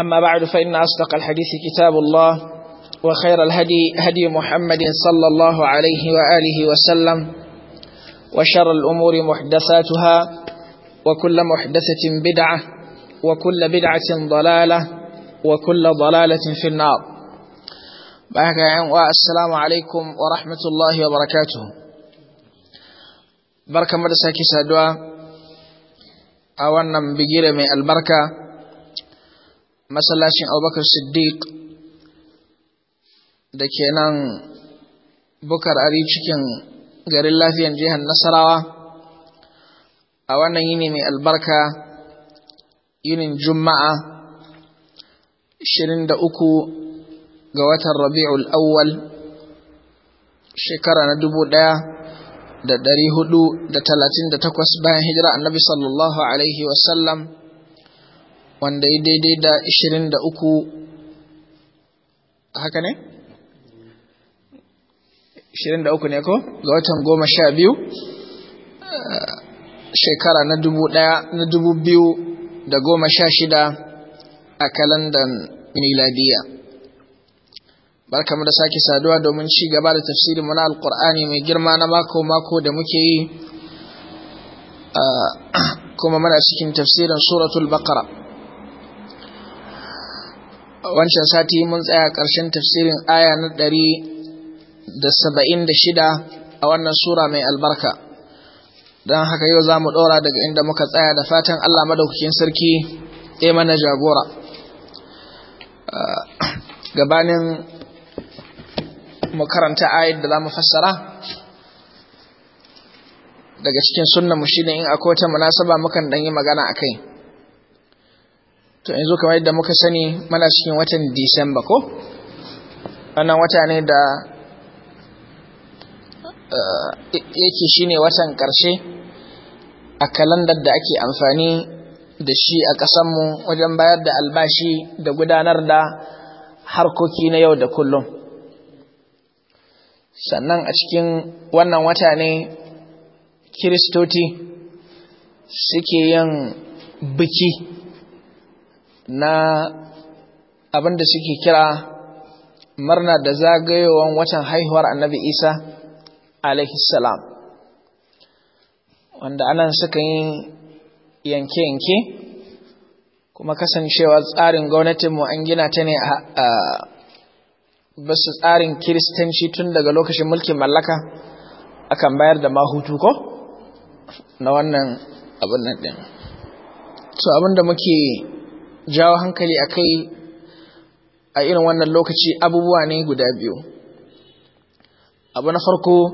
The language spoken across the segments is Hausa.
أما بعد فإن أصدق الحديث كتاب الله وخير الهدي هدي محمد صلى الله عليه وآله وسلم وشر الأمور محدثاتها وكل محدثة بدعة وكل بدعة ضلالة وكل ضلالة في النار السلام عليكم ورحمة الله وبركاته بركة مدرسة كيسا دوا أولا بجيرة من البركة masallacin abubakar siddiq da ke nan bukar ari cikin garin lafiyan jihar nasarawa a wannan yini mai albarka yinin juma'a 23 ga watan rabi'ul awwal shekara na dubu ɗaya da dari hudu da talatin da takwas bayan hijira annabi sallallahu alaihi wasallam wanda ya daidai da 23 haka ne? 23 ne ko? ga watan goma sha biyu eh, shekara na dubu na biyu da goma sha shida a kalandan miladiya barkamu da sake saduwa domin ci gaba da tafsirin mana na alkur'ani mai girma na mako-mako da muke yi eh, kuma muna cikin tafsirin suratul baqara wancan sati mun tsaya ƙarshen tafsirin aya na ɗari da saba'in da shida a wannan sura mai albarka don haka yau za mu ɗora daga inda muka tsaya da fatan allah madaukakin sarki ya mana jagora ah, gabanin mu karanta ayat da za mu fassara daga cikin sunna mu shine in akwai wata munasaba mukan dan yi magana a kai to yanzu kamar yadda muka sani mana cikin watan disamba ko wannan wata ne da eh, yake shine watan karshe a kalandar da ake amfani da shi a ƙasanmu wajen bayar da albashi da gudanar da harkoki na yau da kullum sannan a cikin wannan wata ne kiristoti suke yin biki na abin da suke kira murna da zagayowar watan haihuwar annabi isa salam wanda anan suka yi yanke-yanke kuma kasancewa tsarin mu an gina ta ne a basu tsarin kiristanci tun daga lokacin mulkin mallaka akan bayar da mahutu ko na wannan abin nan ɗin so abin muke jawo hankali a kai a irin wannan lokaci abubuwa ne guda biyu abu na farko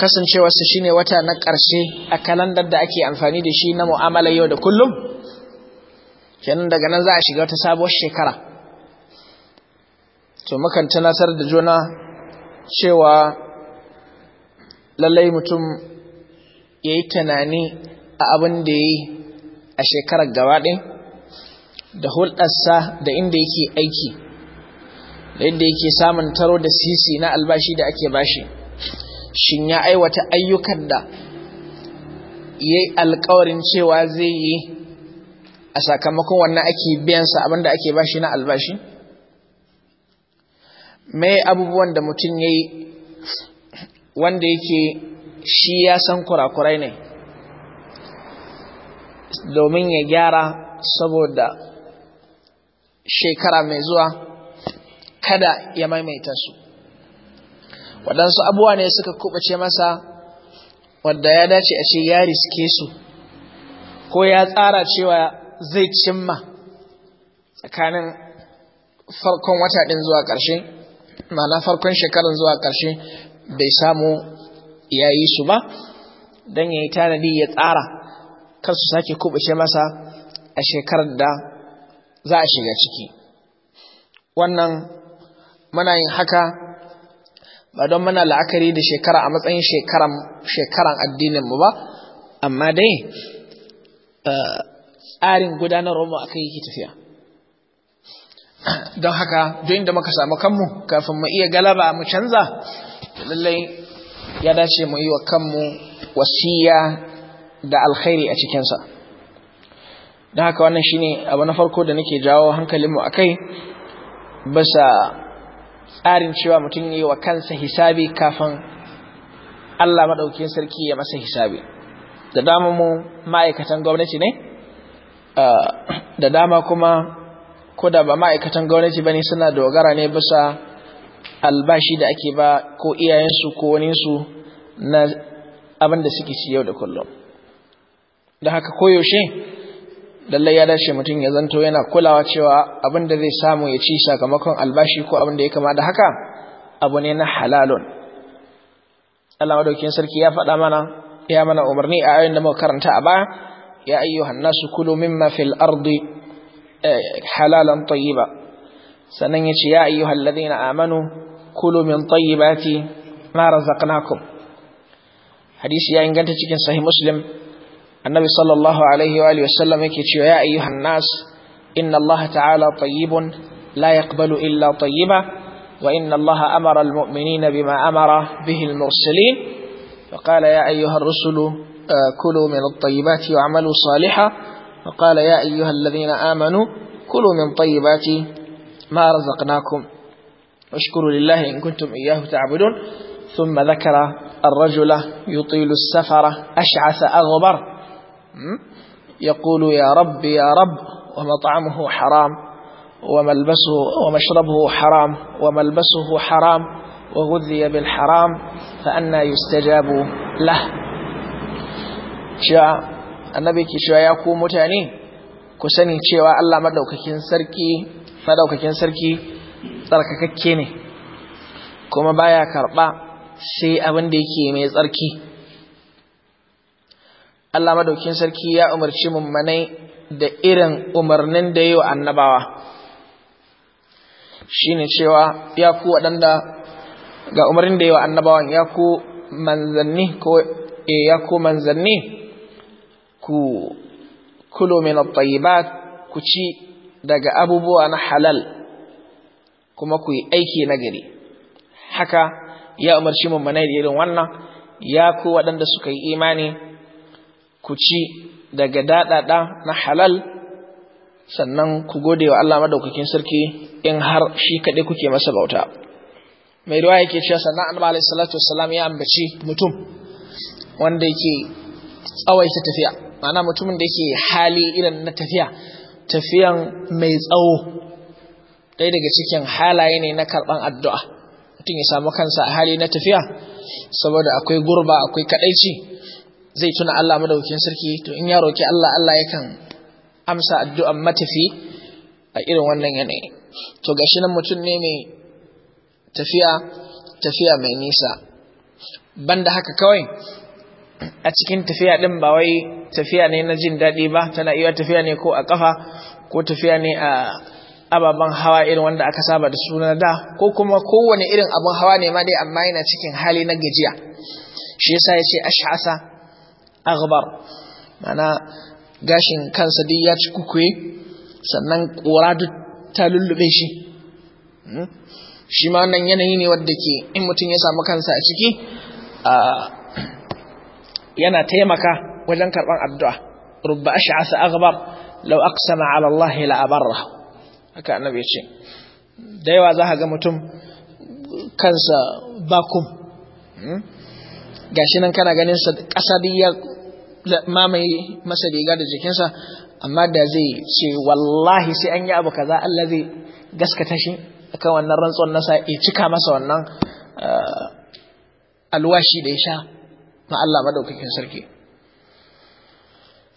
kasancewarsa shine wata na ƙarshe a kalandar da ake amfani da shi na mu'amala yau da kullum kenan daga nan za a shiga wata sabuwar shekara to mukan tunatar da juna cewa lallai mutum ya yi tunani a abin da ya yi a shekarar gaba ɗin da hulɗarsa da inda yake aiki da inda yake samun taro da sisi na albashi da ake bashi shin ya aiwata ayyukan da ya yi alkawarin cewa zai yi a sakamakon wannan ake biyansa abinda ake bashi na albashi mai abubuwan da mutum ya yi wanda yake shi ya san kurakurai ne domin ya gyara saboda shekara mai zuwa kada ya maimaita su waɗansu abuwa ne suka kubace masa wadda ya dace a ce ya riske su ko ya tsara cewa zai cimma tsakanin farkon wata ɗin zuwa ƙarshe ma'ana farkon shekarun zuwa ƙarshe bai samu yayi su ba don ya yi tanadi ya tsara kar su sake kubuce masa a shekarar da za a shiga ciki wannan muna yin haka ba don muna la'akari da shekara a matsayin shekaran addininmu ba amma dai eh, tsarin gudanarwarmu a kai yake tafiya don haka don inda muka samu kanmu kafin mu iya galaba mu canza lallai ya dace mu yi wa kanmu wasiya da alkhairi a cikinsa don haka wannan shine abu na farko da nake jawo hankalinmu a kai bisa tsarin cewa mutum yi wa kansa hisabi kafin Allah maɗaukin sarki ya masa hisabi da dama mu ma'aikatan gwamnati ne da dama kuma ko da ba ma'aikatan gwamnati ba ne suna dogara ne bisa albashi da ake ba ko iyayensu ko waninsu na abin da suke ci yau da kullum da haka koyaushe lallai ya dace mutum ya zanto yana kulawa cewa abin da zai samu ya ci sakamakon albashi ko abin da ya kama da haka abu ne na halalun Allah madaukakin sarki ya faɗa mana ya mana umarni a ayoyin da muka karanta a baya ya ayyuhan nasu kulu mimma fil ardi eh, halalan tayyiba sannan yace ya ayyuhal ladina amanu kulu min tayyibati ma razaqnakum hadisi ya inganta cikin sahih muslim النبي صلى الله عليه وآله وسلم يكتشف يا أيها الناس إن الله تعالى طيب لا يقبل إلا طيبة وإن الله أمر المؤمنين بما أمر به المرسلين فقال يا أيها الرسل آه، كلوا من الطيبات وعملوا صالحا فقال يا أيها الذين آمنوا كلوا من طيبات ما رزقناكم واشكروا لله إن كنتم إياه تعبدون ثم ذكر الرجل يطيل السفر أشعث أغبر يقول يا رب يا رب ومطعمه حرام وملبسه ومشربه حرام وملبسه حرام وغذي بالحرام فأنا يستجاب له شاء النبي كشاء يقوم متاني كسني شاء الله كين سركي كين سركي ترك ككيني كما بايا كربا سي أبندي da yake Allah madaukin sarki ya umarci mummanai da irin umarnin da yi wa annabawa shine cewa ya ku waɗanda ga umarnin da yi wa annabawan ya ku manzanni ko e ya ku manzanni ku kulo min at-tayyibat ku ci daga abubuwa na halal kuma ku yi aiki na gari haka ya umarci mummanai da irin wannan ya ku waɗanda suka yi imani ku ci daga daɗaɗa na halal sannan ku gode wa Allah madaukakin sarki in har shi kaɗai kuke masa bauta mai ruwa yake cewa sannan annabi alaihi salatu ya ambaci mutum wanda yake tsawaita tafiya ma'ana mutumin da yake hali irin na tafiya tafiyan mai tsawo ɗaya daga cikin halaye ne na karɓan addu'a mutum ya samu kansa a hali na tafiya saboda akwai gurba akwai kaɗaici zai tuna Allah madaukin sarki to in ya roki Allah Allah yakan amsa addu'an matafi a irin wannan yanayi to gashi nan mutum ne mai tafiya tafiya mai nisa banda haka kawai a cikin tafiya din ba wai tafiya ne na jin daɗi ba tana iya tafiya ne ko a ƙafa ko tafiya ne a ababen hawa irin wanda aka saba da suna da ko kuma kowane irin abin hawa ne ma dai amma yana cikin hali na gajiya shi yasa ya ce ash'asa aghbar mana gashin kansa duk ya ci kukuye sannan kora duk ta lullube shi shi ma nan yanayi ne wadda ke in mutum ya samu kansa a ciki yana taimaka wajen karɓar addu'a rubba sha'asa aghbar lau aqsama ala Allah la abarra haka annabi ya ce da yawa za ka ga mutum kansa bakum gashi nan kana ganin sa ƙasa mamaye masa riga da jikinsa amma da zai ce wallahi sai an yi abu kaza Allah zai gaskata shi akan wannan rantsuwar nasa ya cika masa wannan ah, alwashi da ya sha na Allah madaukakin sarki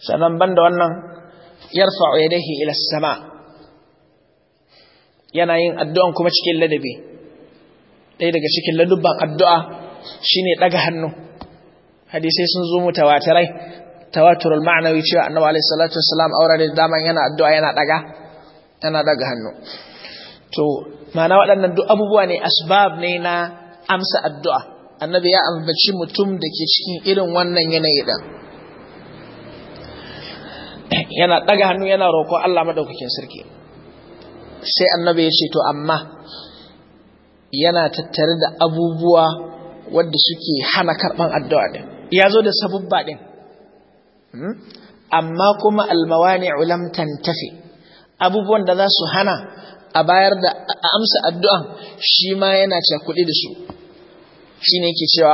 sannan banda wannan yarfa'u yadayhi ila sama yana yin addu'an kuma cikin ladabi ɗaya daga cikin ladubban addu'a shine ɗaga hannu hadisai sun zo mutawatirai al-ma'nawi cewa annabi alayhi salatu wassalam aure da dama yana addu'a yana daga yana daga hannu to ma'ana waɗannan duk abubuwa ne asbab ne na amsa addu'a annabi ya ambaci mutum da ke cikin irin wannan yanayi din yana daga hannu yana roƙo Allah madaukakin sarki sai annabi ya ce to amma yana tattare da abubuwa wadda suke hana karɓan addu'a din ya zo da sabubba ɗin hmm? amma kuma almawani ulam tantafi abubuwan da za su hana a bayar da a amsa addu'an shi ma yana cakuɗi da su shi ne yake cewa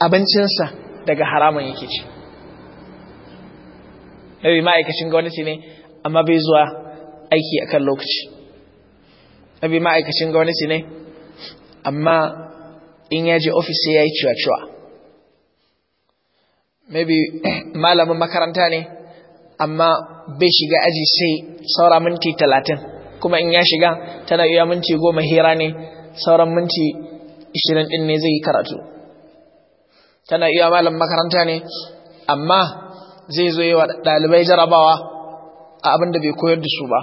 abincinsa daga haramun yake ce ɗari ma'aikacin gwamnati ne amma bai zuwa aiki akan lokaci ɗari ma'aikacin gwamnati ne amma in yaje ofis sai ya yi ciwa-ciwa maybe malamin makaranta ne amma bai shiga aji sai saura minti talatin kuma in ya shiga tana iya minti goma hira ne sauran minti ishirin din ne zai yi karatu tana iya malamin makaranta ne amma zai zo yi wa ɗalibai jarabawa a abin da bai koyar da su ba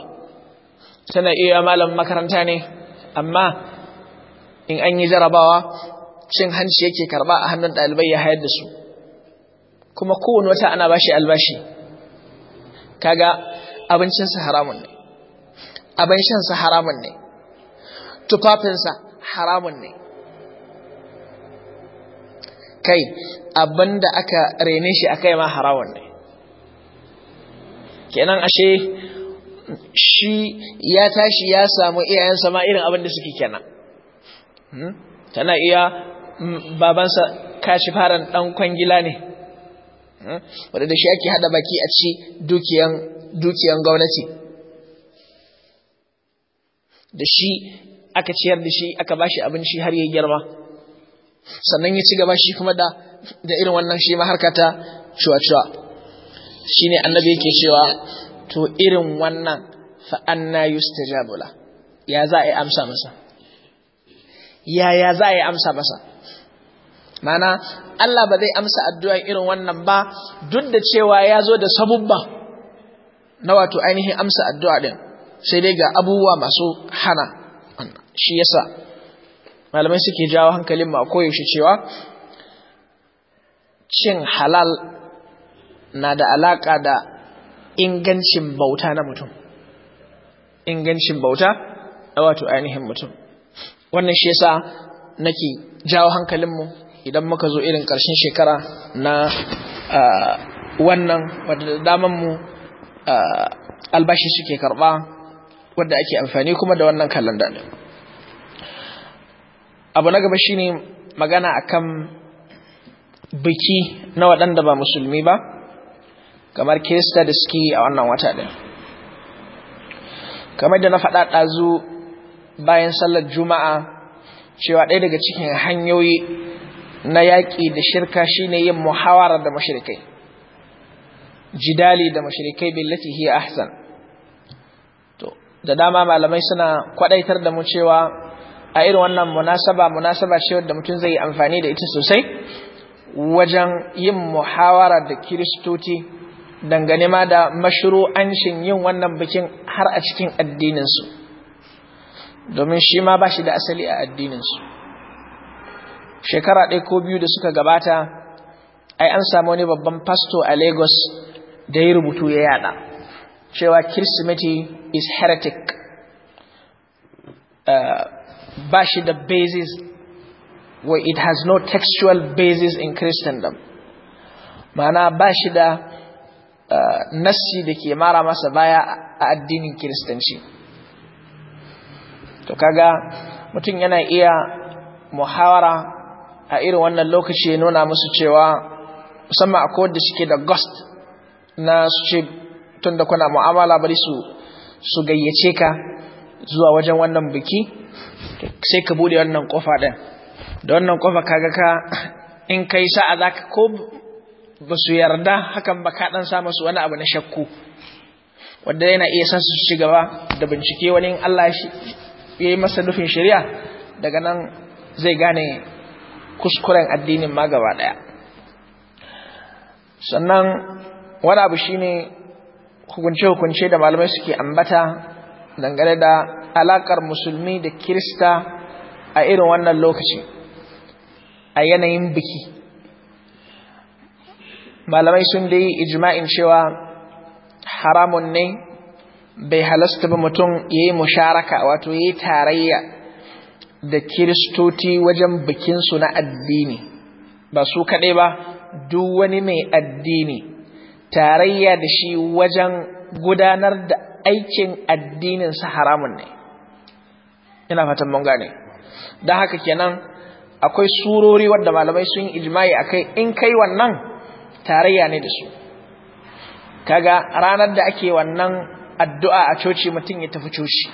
tana iya malamin makaranta ne amma in an yi jarabawa cin hanci yake karba a hannun ɗalibai ya hayar da su kuma kowane wata ana ba shi albashi kaga abincinsa haramun ne abincinsa haramun ne tufafinsa haramun ne kai abin da aka rene shi kai ma haramun ne kenan ashe shi ya tashi ya samu iyayensa ma irin abin da suke kenan hmm? tana iya hmm, babansa kashi faran dan kwangila ne Hmm? wadda da shi ake hada baki a ci dukiyan gwamnati da shi aka ciyar da shi aka bashi abinci har ya girma sannan ya ci gaba shi kuma da da irin wannan shi ma ta cuwa-cuwa shi ne annabi yake cewa to irin wannan fa'anna yustajabula ya za a amsa masa yaya za a amsa masa mana Allah ba zai amsa addu'a irin wannan ba duk da cewa ya zo da sabubba na wato ainihin amsa addu'a ɗin sai dai ga abubuwa masu hana shi yasa malamai suke jawo hankalin ma koyaushe cewa cin halal na da alaƙa da ingancin bauta na mutum ingancin bauta na wato ainihin mutum wannan shi yasa nake jawo hankalinmu idan muka zo irin ƙarshen shekara na wannan wadda daman mu albashi suke karɓa wadda ake amfani kuma da wannan kalanda ne abu na gaba shine magana akan biki na waɗanda ba musulmi ba kamar kirista da suke a wannan wata ɗin kamar da na faɗa ɗazu bayan sallar juma'a cewa ɗaya daga cikin hanyoyi na yaƙi da shirka shine yin muhawara da mashirikai jidali da mashirikai billati hiya ahsan to da dama malamai suna kwadaitar da mu cewa a irin wannan munasaba munasaba ce wadda mutum zai yi amfani da ita sosai wajen yin muhawara da kiristoci dangane ma da mashru'ancin yin wannan bikin har a cikin addininsu domin shi ma ba shi da asali a addininsu shekara ɗaya ko biyu da suka gabata ai an samu wani babban fasto a lagos da ya rubutu ya yada cewa kirsimeti is heretic eh, ba shi da basis where it has no textual basis in christendom mana ba shi da eh, nassi da ke mara masa baya a addinin kiristanci to kaga mutum yana iya muhawara a irin wannan lokaci ya nuna musu cewa musamman a akwai wanda suke da gost na su ce tun da kuna mu'amala bari su gayyace ka zuwa wajen wannan biki sai ka bude wannan kofa ɗin da wannan kofa kaga ka in kai sa'a za ka ko ba su yarda hakan ba ka ɗan samu su wani abu na shakku Wadda yana iya sa su ci gaba da bincike wani in Allah ya yi masa nufin shari'a daga nan zai gane kuskuren addinin ma gaba ɗaya sannan wani abu shine hukunce-hukunce da malamai suke ambata dangane da alakar musulmi da kirista a irin wannan lokaci a yanayin biki malamai sun dai ijma'in cewa haramun ne bai halasta ba mutum ya yi musharaka wato ya yi tarayya da kiristoci wajen bikinsu na addini ba su kaɗai ba duk wani mai addini tarayya da shi wajen gudanar da aikin addininsa haramun ne ina fatan mun gane don haka kenan akwai surori wadda malamai sun yi ijma'i akai in kai wannan tarayya ne da su kaga ranar da ake wannan addu'a a coci mutum ya tafi coci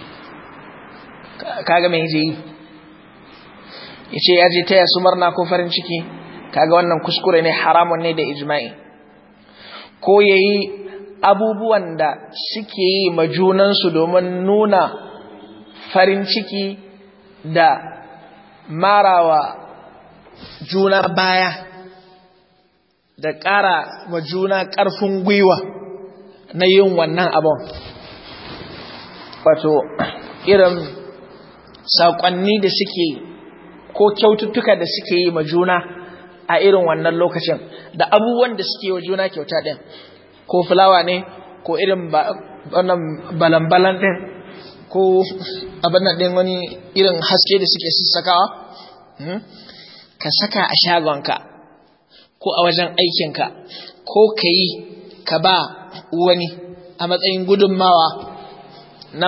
kaga mai zai yi yace ya je taya su murna ko farin ciki kaga wannan kuskure ne haramun ne da ijma'i ko yayi abubuwan da suke yi ma junansu domin nuna farin ciki da marawa juna baya da ƙara wa juna ƙarfin gwiwa na yin wannan abon wato irin saƙonni da suke ko kyaututtuka da suke yi ma juna a irin wannan lokacin da abubuwan da suke wa juna kyauta ɗin ko fulawa ne ko irin balambalan ɗin ko abin ɗin wani irin haske da suke sassakawa hmm? ka saka a shagonka ko a wajen aikinka ko ka yi ka ba wani a matsayin gudunmawa na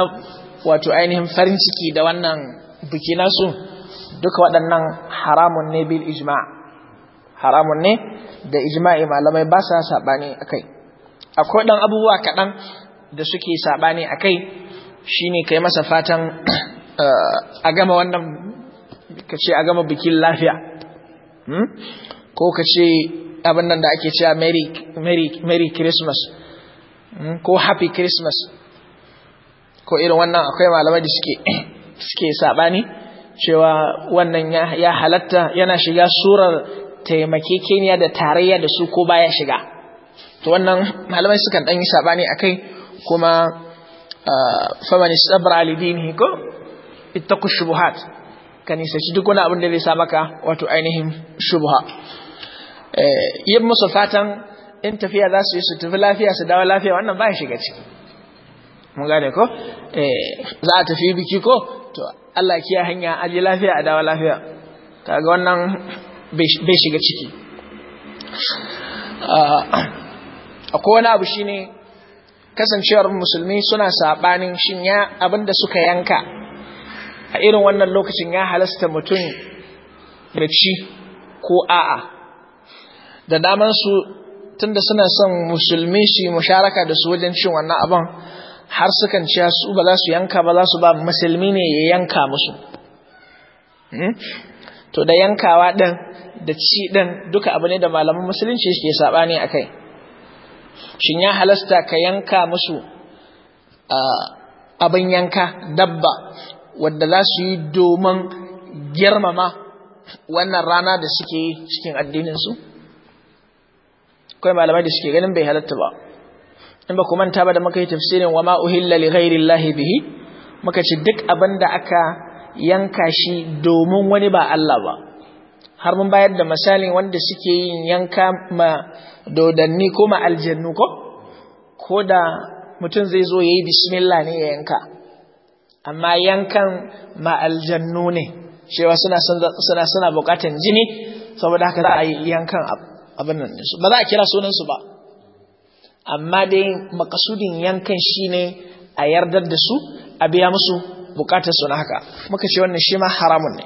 wato ainihin farin ciki da wannan biki nasu duka waɗannan haramun ne bil ijma haramun ne da ijma'i malamai ba sa saɓani a kai akwai ɗan abubuwa kaɗan da suke saɓani a kai shi ne ka yi masa fatan eh, a gama wannan ka ce a gama bikin lafiya hmm? ko ka ce abin nan da ake cewa merry christmas hmm? ko happy christmas ko irin wannan akwai malamai da suke saɓani cewa wannan ya halatta yana shiga surar taimakekeniya da tarayya da su ko baya shiga to wannan malamai sukan dan yi sabani akai kuma famani sabra li ko ko ku shubuhat Ka isaci duk wani abin da zai sa maka wato ainihin shubha eh, yin musu fatan in tafiya za su yi su tafi lafiya su dawo lafiya wannan baya shiga ciki mun gane ko eh, za a tafi biki ko to Allah kiya hanya aje lafiya a dawo lafiya kaga wannan bai shiga ciki ah, akwai wani abu shine kasancewar musulmi suna sabanin shin ya abinda suka yanka a irin wannan lokacin ya halasta mutum da ci ko a'a da daman su tunda suna son musulmi su yi musharaka da su wajen cin wannan abin har sukan cewa su ba za su yanka ba za su ba musulmi ne ya yanka musu hmm? to da yankawa ɗin da ci ɗin duka abu ne da malaman musulunci suke saɓani a kai shin ya halasta ka yanka musu abin yanka dabba wadda za su yi domin girmama wannan rana da suke cikin addininsu? Kawai malamai da suke ganin bai halatta ba. in ba ku manta ba da muka yi tafsirin wa ma uhilla li bihi muka ci duk abin da aka yanka shi domin wani ba Allah ba har mun bayar da misalin wanda suke yin yanka ma dodanni ko ma aljannu ko ko da mutum zai zo yayi bismillah ne ya yanka amma yankan ma aljannu ne cewa suna suna suna bukatan jini saboda haka za a yi yankan abin nan ba za a kira sunan su ba amma dai makasudin yankan shi ne a yardar da su a biya musu bukatar su na haka muka ce wannan shi ma haramun ne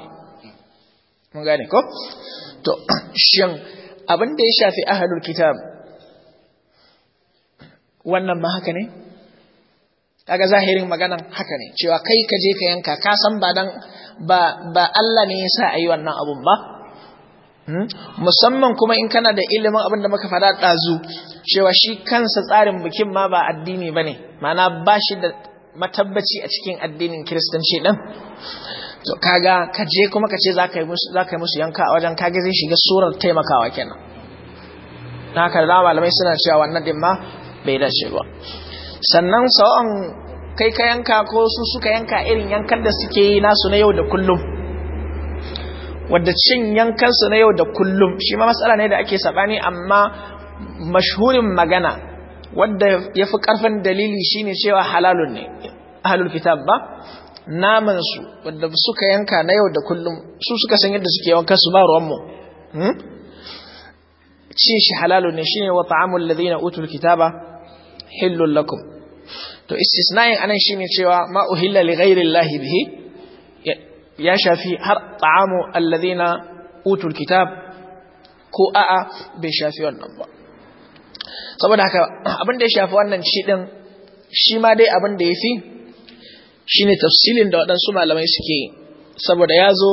mun gane ko to shin abin da ya shafi ahalul kitab wannan ma haka ne kaga zahirin maganan haka ne cewa kai ka je ka yanka ka san ba dan ba ba Allah ne yasa ayi wannan abun ba hmm? musamman kuma in kana da ilimin abin da muka faɗa ɗazu cewa shi kansa tsarin bikin ma ba addini ba ne mana ba shi da matabbaci a cikin addinin kiristanci ɗin to kaga ka je kuma ka ce za ka yi musu yanka a wajen kage zai shiga surar taimakawa kenan na haka da malamai suna cewa wannan ɗin ma bai dace ba sannan sawa'an kai ka yanka ko su suka yanka irin yankan da suke yi nasu na yau da kullum wadda cin yankansu na yau da kullum shi ma matsala ne da ake saɓani amma mashhurin magana wadda ya fi ƙarfin dalili shine cewa halalun ne ahalul kitab ba naman su wadda suka yanka na yau da kullum su suka san yadda suke yawan kasu ba ruwanmu ce shi halalun ne shine wa ta'amul na utul kitaba hillul lakum to istisna'in anan ne cewa ma uhilla li ghairi llahi bihi ya shafi har ta'amu alladhina utul kitab ko a'a bai shafi wannan ba saboda haka abin da ya shafi wannan shi din shi ma dai abin da ya fi shi ne tafsilin da waɗansu malamai suke saboda ya zo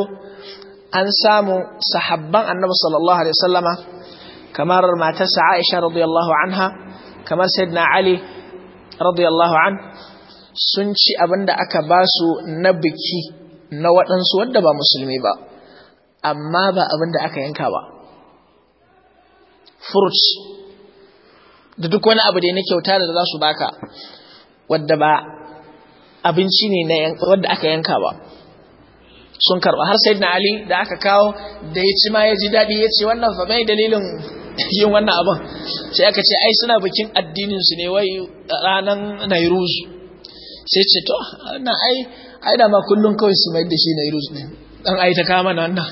an samu sahabban annabi sallallahu alaihi wasallama kamar matarsa aisha radiyallahu anha kamar sayyidina ali radiyallahu an sun ci abin da aka ba su na biki na waɗansu wadda ba musulmi ba amma ba abin da aka yanka ba fruits da duk wani abu da na kyauta da za su baka wadda ba abinci ne na wadda aka yanka ba sun karba har sai ali da aka kawo da ya ci ma ya ji daɗi ya ce wannan fa mai dalilin yin wannan abin sai aka ce ai suna bikin addininsu ne wai ranar nairuz sai ce to na ai ai da ma kullum kawai su mai da shi nairuz ne dan ai ta kama na wannan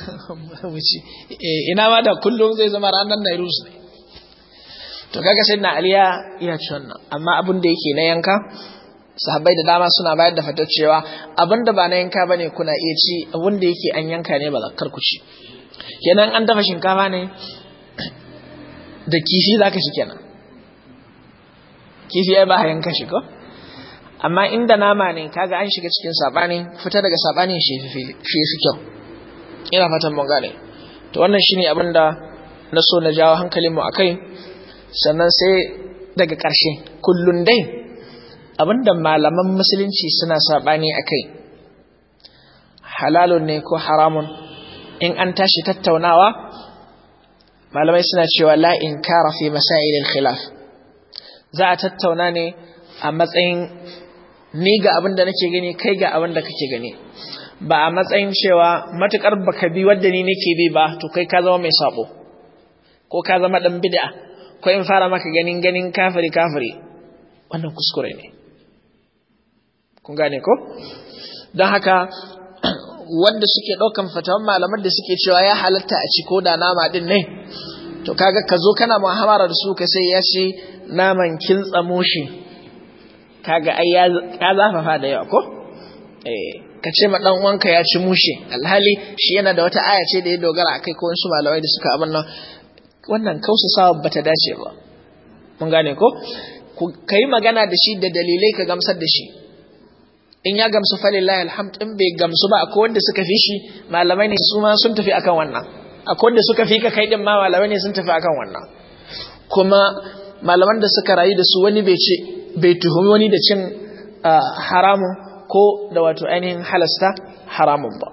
eh, ina ma da kullum zai zama ranar nairuz ne to kaga sai na aliya ya ci wannan amma abin da yake na yanka sahabbai da dama suna bayar da fatar cewa abin da ba na yanka bane kuna iya ci abin da yake an yanka ne ba zakar ku ci kenan an dafa shinkafa ne da kifi zaka shi kenan kifi ai ba yanka shi ko amma inda nama ne kaga an shiga cikin sabani fita daga sabani shi shi kyau ina fatan mun gane to wannan shine abin da na so na jawo hankalin mu akai sannan sai daga ƙarshe kullum dai abinda malaman musulunci suna saɓani a kai halalun ne ko haramun in an tashi tattaunawa malamai suna cewa la'in kara fi masailin khilaf za a tattauna ne a matsayin ni ga abin da nake gani kai ga abin kake gani ba a matsayin cewa matukar baka bi wadda ni nake bi ba to kai ka zama mai sabo ko ka zama dan bid'a ko in fara maka ganin ganin kafiri kafiri wannan kuskure ne kun gane ko don haka wanda suke ɗaukan fatawan malaman da suke cewa ya halatta a ci ko da nama din ne to kaga ka zo kana muhammara da su ka sai ya ce naman kin tsamo shi kaga ai ya zafafa da yawa ko eh, ka ce ma dan uwanka ya ci mushe alhali shi yana da wata aya ce da ya dogara kai ko wasu malamai da suka abin nan wannan kausasawa ta dace ba mun gane ko ka yi magana da shi da dalilai ka gamsar da shi in ya gamsu falillahi alhamd in bai gamsu ba akwai wanda suka fi shi malamai ne su ma sun tafi akan wannan akwai wanda suka fi ka kai din ma malamai ne sun tafi akan wannan kuma malaman da suka rayu da su wani bai ce bai tuhumi wani da cin haramun ko da wato ainihin halasta haramun ba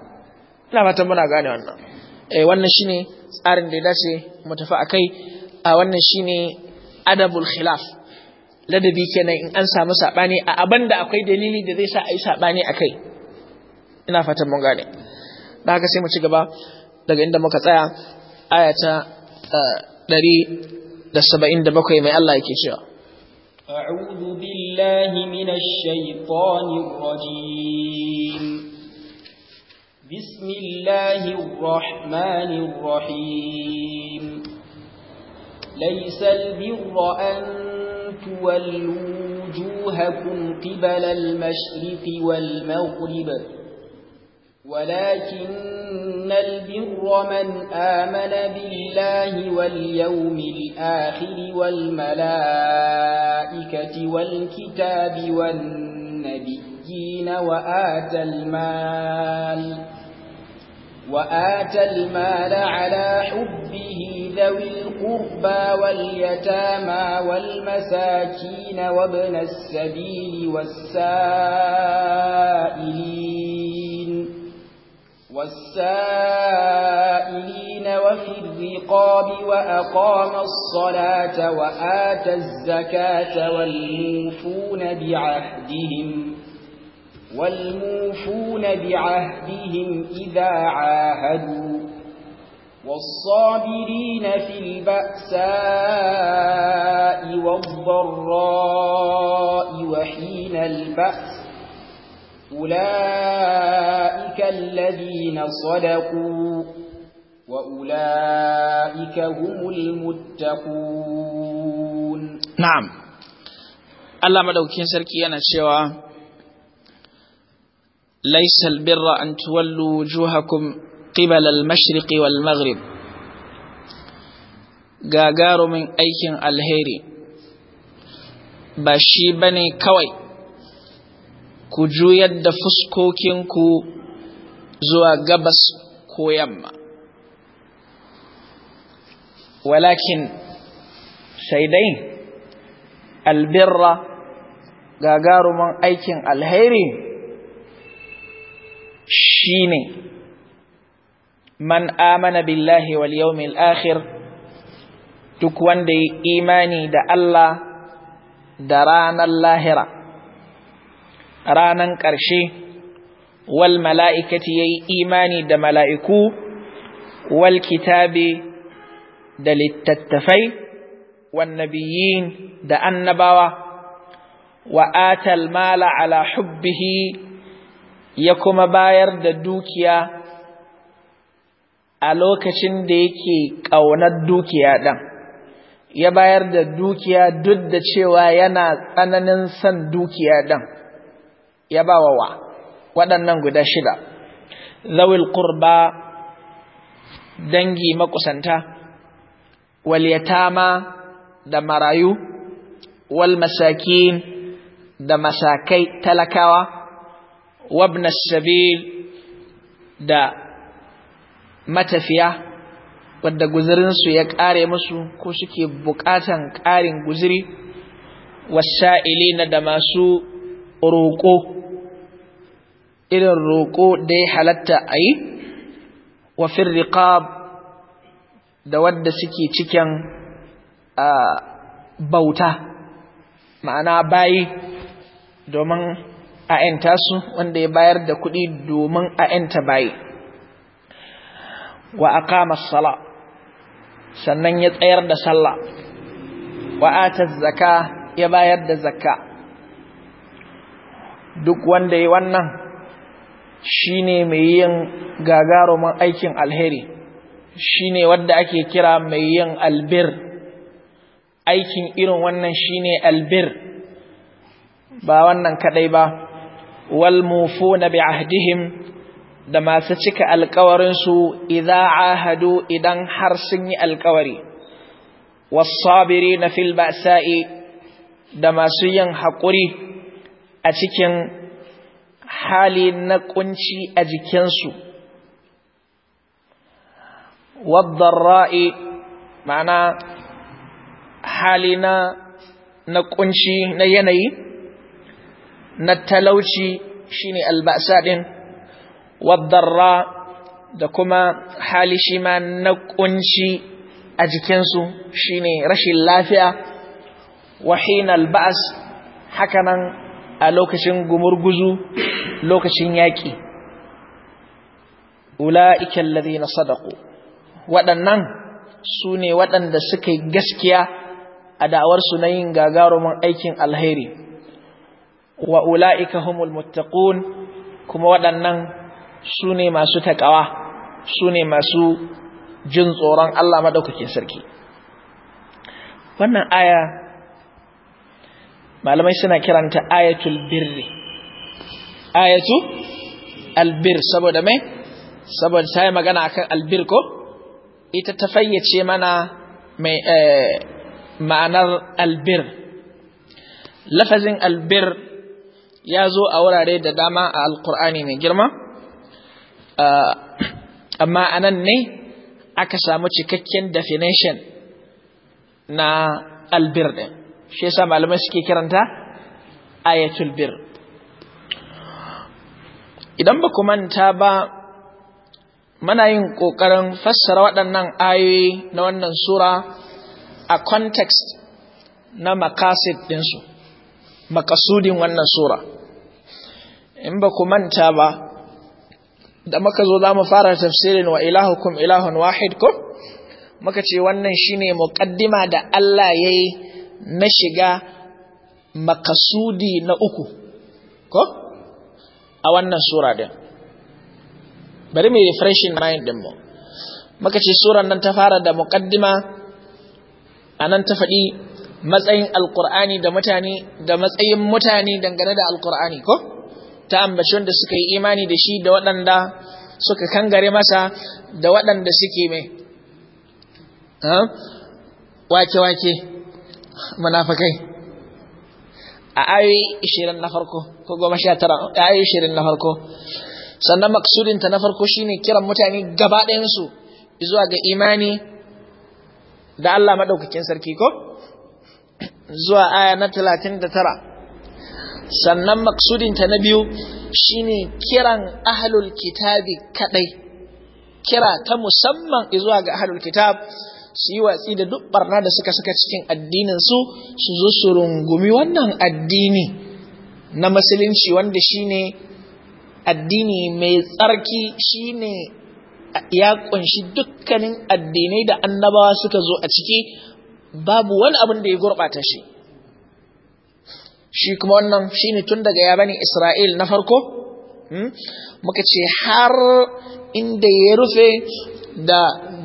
ina fatan muna gane wannan Eh, wannan shine tsarin da ya dace mu tafi akai a ah, wannan shine adabul khilaf ladabi kenan in an samu sabani a abanda akwai dalili da zai sa a yi sabani akai ina fatan mun gane da haka sai mu ci gaba daga inda muka tsaya aya ta 177 ah, mai Allah yake cewa أعوذ بالله من الشيطان الرجيم بسم الله الرحمن الرحيم ليس البر أن تولوا وجوهكم قبل المشرق والمغرب ولكن البر من آمن بالله واليوم الآخر والملائكة والكتاب والنبيين وآتى المال وآتى المال على حبه ذوي القربى واليتامى والمساكين وابن السبيل والسائلين والسائلين وفي الرقاب وأقام الصلاة وآتى الزكاة والموفون بعهدهم والموفون بعهدهم إذا عاهدوا والصابرين في البأساء والضراء وحين البأس أولئك الذين صدقوا وأولئك هم المتقون نعم الله مدوكين سركي أنا شوى ليس البر أن تولوا وجوهكم قبل المشرق والمغرب غاغار من أيكن الهيري باشي بني كوي كجو يد فسكوكينكو زوا غبس كويما ولكن سيدين البر غاغار من أيكن الهيري shine man amana billahi wal yawmil akhir duk wanda ya imani da Allah da ranar lahira ranan ƙarshe wal mala'ikati yayi imani da mala'iku wal kitabi da littattafai wan nabiyyin da annabawa wa atal mala ala hubbihi ya kuma bayar da dukiya a lokacin da yake ƙaunar dukiya ɗan ya bayar da dukiya duk da cewa yana tsananin son dukiya ɗan ya ba wa waɗannan guda shida zawil ƙurba dangi makusanta wal da marayu wal masakin da masakai talakawa وابن السبيل da matafiya wadda guzurinsu ya ƙare musu ko suke buƙatan ƙarin guziri wasa'ili na da masu roƙo irin roƙo da ya halatta a yi wafin riƙab da wadda suke cikin bauta ma'ana bayi domin a'yanta su wanda ya bayar da kuɗi domin a yanta bayi wa aqama sala sannan ya tsayar da sallah wa ata ya bayar da Zaka. duk wanda ya wannan shine mai yin gagarumin aikin alheri shine wanda ake kira mai yin albir aikin irin wannan shine albir ba wannan kadai ba walmufuna na ahdihim da masu cika alkawarinsu idza ahadu idan har sun yi alkawari wasabiri na fil ba'sa'i da masu yin haƙuri a cikin hali na kunci a jikinsu wadda ma'ana hali na ƙunci na yanayi na talauci shine albasa ɗin wadarra da kuma hali shi ma na kunci a jikinsu shine rashin lafiya wahin alba'as hakanan a lokacin gumurguzu lokacin yaƙi ula'ika na Sadaku. waɗannan su ne waɗanda suka yi gaskiya a da'awarsu na yin gagarumin aikin alheri wa ula'ika humul muttaqun kuma waɗannan su ne masu taƙawa su ne masu jin tsoron Allah maɗaukakin sarki wannan aya malamai suna kiranta ayatul birri ayatu albir saboda mai saboda ta yi magana kan albir ko ita ta fayyace mana mai eh, ma'anar albir lafazin albir ya zo a wurare da dama a alkur'ani mai girma ah, amma a nan ne aka samu cikakken definition na albir ɗin shi yasa malamai suke kiranta ayatul bir idan ba ku manta ba mana yin ƙoƙarin fassara waɗannan ayoyi na wannan sura a context na makasid ɗinsu makasudin wannan sura in ba ku manta ba da muka zo za mu fara tafsirin wa ilahukum ilahun wahid ko muka ce wannan shine muqaddima da Allah ya yi na shiga makasudi na uku ko a wannan sura din bari mu refreshing mind din muka ce sura nan ta fara da muqaddima anan ta faɗi matsayin alqur'ani da mutane da matsayin mutane dangane da alqur'ani ko ta ambaci wanda suka yi imani da shi da waɗanda suka kangare masa da waɗanda suke mai wake-wake munafakai a ayoyi ishirin na farko ko goma sha tara a ayoyi ishirin na farko sannan maksudinta na farko shine kiran mutane gaba ɗayansu zuwa ga imani da Allah maɗaukakin sarki ko zuwa aya na talatin da tara sannan maksudinta na biyu shine kiran ahlul kitabi kadai kira ta musamman izuwa ga ahlul kitab su yi watsi da duk barna da suka suka cikin addinin su su zo su rungumi wannan addini na musulunci wanda shine addini mai tsarki shine ya kunshi dukkanin addinai da annabawa suka zo a ciki babu wani abin da ya gurɓata shi shi kuma wannan shi ne tun daga ya Isra'il na farko? Hmm? Muka ce har inda ya rufe da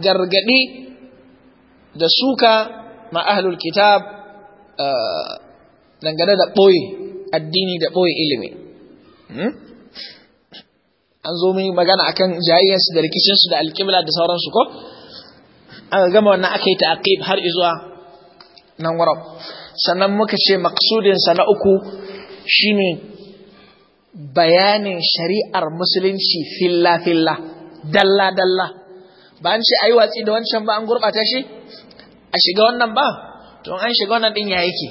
gargaɗi da suka ma'ahalul kitab eh, dangane da ɓoye addini da ɓoye ilimi. Hmm? An zo mun magana akan jayayensu da rikicinsu da alkibla da sauransu ko? An gama wannan aka yi ta'aqib har izuwa nan warab. sannan muka ce maksudinsa na uku shine bayanin shari'ar musulunci filla-filla dalla-dalla ba an ce ayi watsi da wancan ba an gurɓata shi a shiga wannan ba to an shiga wannan ɗin ya yake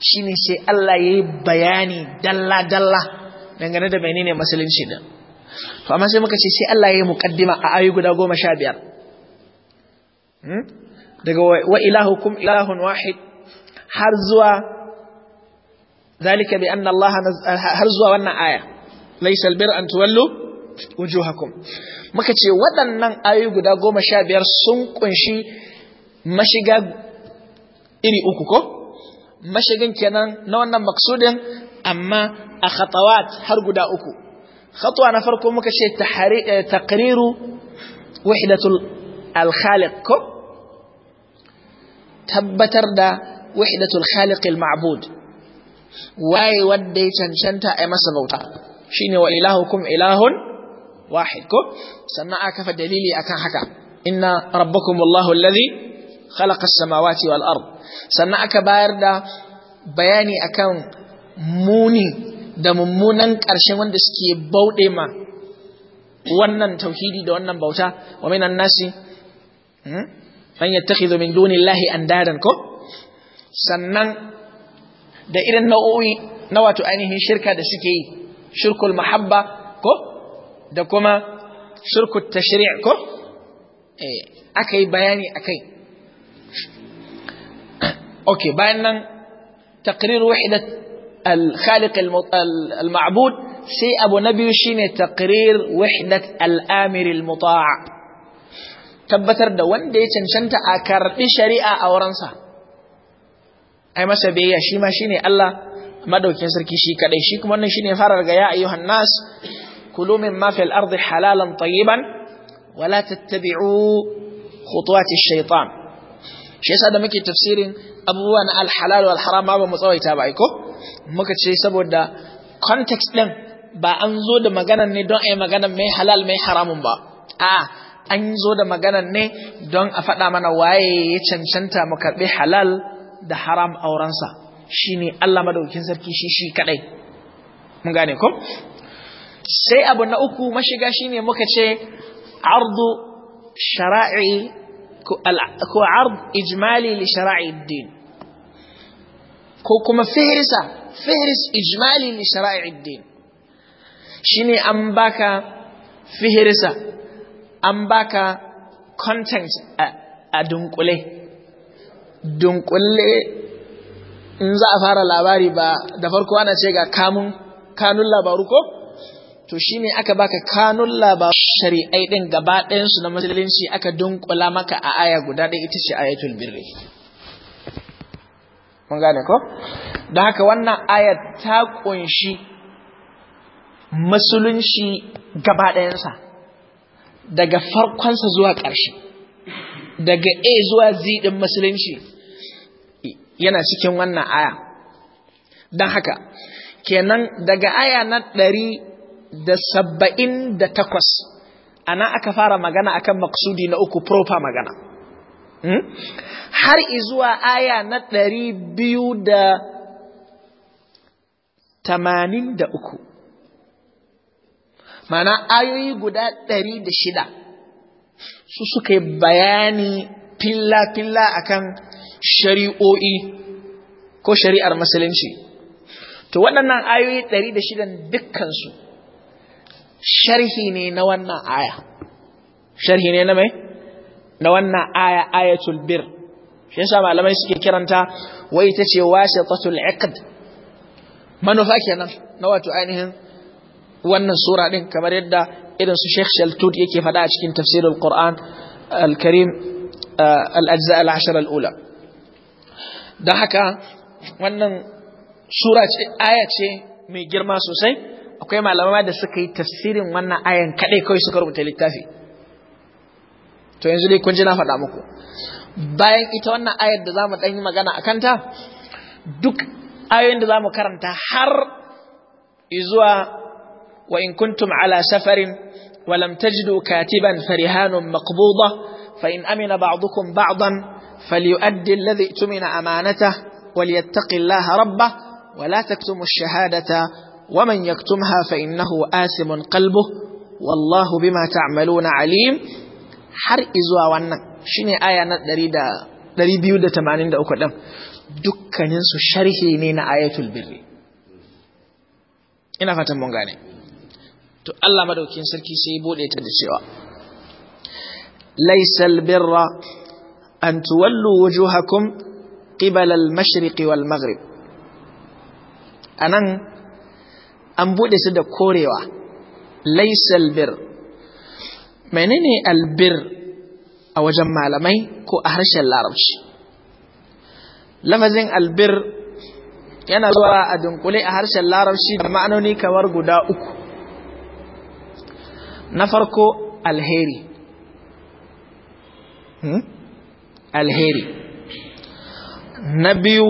shine sai Allah ya yi bayani dalla-dalla dangane da menene musulunci din to amma sai muka ce sai Allah ya yi muƙaddima a ayu guda goma sha biyar hmm? daga wa kum ilahun wahid har zuwa zalika bi anna Allah har zuwa wannan aya laysa bir an tuwallu wujuhakum muka ce waɗannan ayoyi guda goma sha biyar sun kunshi mashiga iri uku ko mashigan kenan na wannan maksudin amma a khatawat har guda uku khatwa na farko muka ce eh, taqriru wahdatul al-khaliq ko tabbatar da wahdatul khaliqil ma'bud waye wanda ya cancanta a masa bauta shine wa ilahukum ilahun wahid ko sannan aka fa dalili akan haka inna rabbakum allahu alladhi khalaqa as-samawati wal ard sannan aka bayar da bayani akan muni da mummunan ƙarshen wanda suke bauɗe ma wannan tauhidi da wannan bauta wa minan nasi man yattakhidhu min dunillahi andadan ko sannan da irin nau'o'i na wato ainihin shirka da suke yi shirkul mahabba ko da kuma shirkul tashri' ko eh bayani akai okay bayan nan taqrir wahdat al-khaliq al-ma'bud sai abu biyu shine taqrir wahdat al-amir al-muta' tabbatar da wanda ya cancanta a karbi shari'a a wurinsa ai masa biyayya shi ma shine Allah madaukin sarki shi kadai shi kuma wannan shine fara daga ya ayyuhan nas kulu mimma fil ardi halalan tayyiban wa la tattabi'u khutuwati shaytan shi yasa da muke tafsirin abubuwa na al halal wal haram ba mu tsawaita ba aiko muka ce saboda context din ba an zo da maganar ne don ai maganan mai halal mai haramun ba a an zo da maganan ne don a faɗa mana waye ya cancanta mu karɓi halal da haram aurensa shine Allah madaukin sarki shi shi kadai mun gane ku? sai abu na uku mashiga ne muka ce ardu shara'i ko ard ijmali li shara'i din ko kuma fihrisa fihris ijmali li shara'i din shine an baka fihrisa an baka content a dunkule dunkulle in za a fara labari ba da farko ana ce ga kamun kanun labaru ko to shine aka baka kanun labaru shari'ai din gaba ɗayan su na musulunci aka dunkula maka a aya guda ɗaya ita ce ayatul birri mun gane ko don haka wannan ayat ta kunshi musulunci gaba ɗayansa daga farkonsa zuwa ƙarshe daga a zuwa z ɗin musulunci yana cikin wannan aya don haka kenan daga aya na ɗari da saba'in da takwas ana aka fara magana akan maksudi na uku proper magana hmm? har izuwa aya na ɗari biyu da tamanin da uku mana ayoyi guda ɗari da shida su suka bayani filla-filla akan shari'o'i ko shari'ar musulunci to waɗannan ayoyi ɗari da shidan dukkansu sharhi ne na wannan aya sharhi ne na mai na wannan aya ayatul bir shi yasa malamai suke kiranta wai ita ce wasitatul iqd manufa kenan na wato ainihin wannan sura din kamar yadda irin su Sheikh Shaltut yake faɗa a cikin tafsirul Qur'an al-Karim al-ajza al-ashara al-ula da haka wannan sura ce aya ce mai girma sosai akwai malamai da suka yi tafsirin wannan ayan kadai kawai suka rubuta littafi to yanzu dai kun ji na faɗa muku bayan ita wannan ayar da za mu ɗan yi magana a kanta duk ayoyin da za mu karanta har izuwa wa in kuntum ala safarin walam tajidu katiban farihanun maqbuda fa in amina ba'dukum ba'dan فليؤدي الذي اؤتمن امانته وليتق الله ربه ولا تكتم الشهاده ومن يكتمها فانه آسم قلبه والله بما تعملون عليم har izuwa wannan shine aya na 283 din dukkanin su sharhi ne na ayatul birri ina fatan mun gane to Allah madaukin sarki sai ya bude ta da cewa laysal birra an tuwallu wujuhakum qibala mashriq wal maghrib anan an bude su da korewa laysa Bir. menene albir a wajen malamai ko a harshen larabci lafazin albir yana zuwa a dunkule a harshen larabci da ma'anoni kamar guda uku na farko alheri alheri na biyu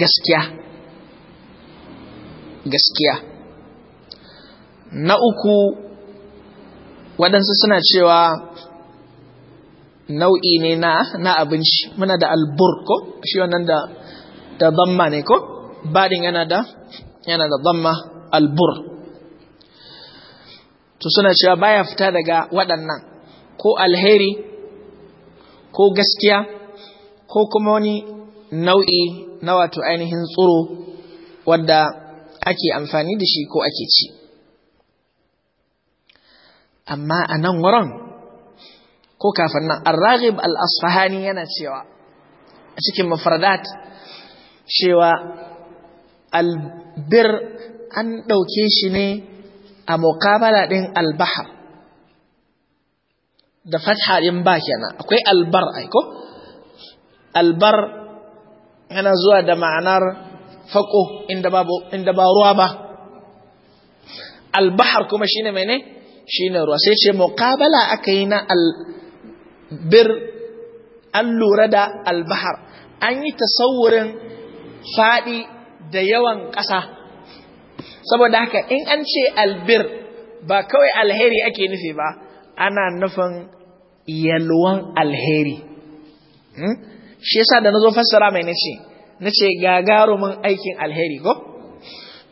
gaskiya gaskiya na uku waɗansu suna cewa nau'i ne na na abinci muna da albur ko shi wannan da da dhamma ne ko badin yana da yana da dhamma albur to suna cewa baya fita daga waɗannan ko alheri ko gaskiya ko kuma wani nau'i na wato ainihin tsoro wadda ake amfani da shi ko ake ci amma a nan wurin ko kafin nan al-raghib al-asfahani yana cewa a cikin mafardat cewa albir an ɗauke shi ne a mukabala ɗin albahar da fatha din ba kenan akwai albar ai albar yana zuwa da ma'anar fako inda ba ruwa ba albahar kuma shine mene shine ruwa sai ce muqabala yi na albir an lura da albahar an yi tasawurin faɗi da yawan ƙasa saboda haka in an ce albir ba kawai alheri ake nufi ba ana nufin yalwan alheri hmm? shi yasa da nazo fassara mai nace nace gagarumin aikin alheri ko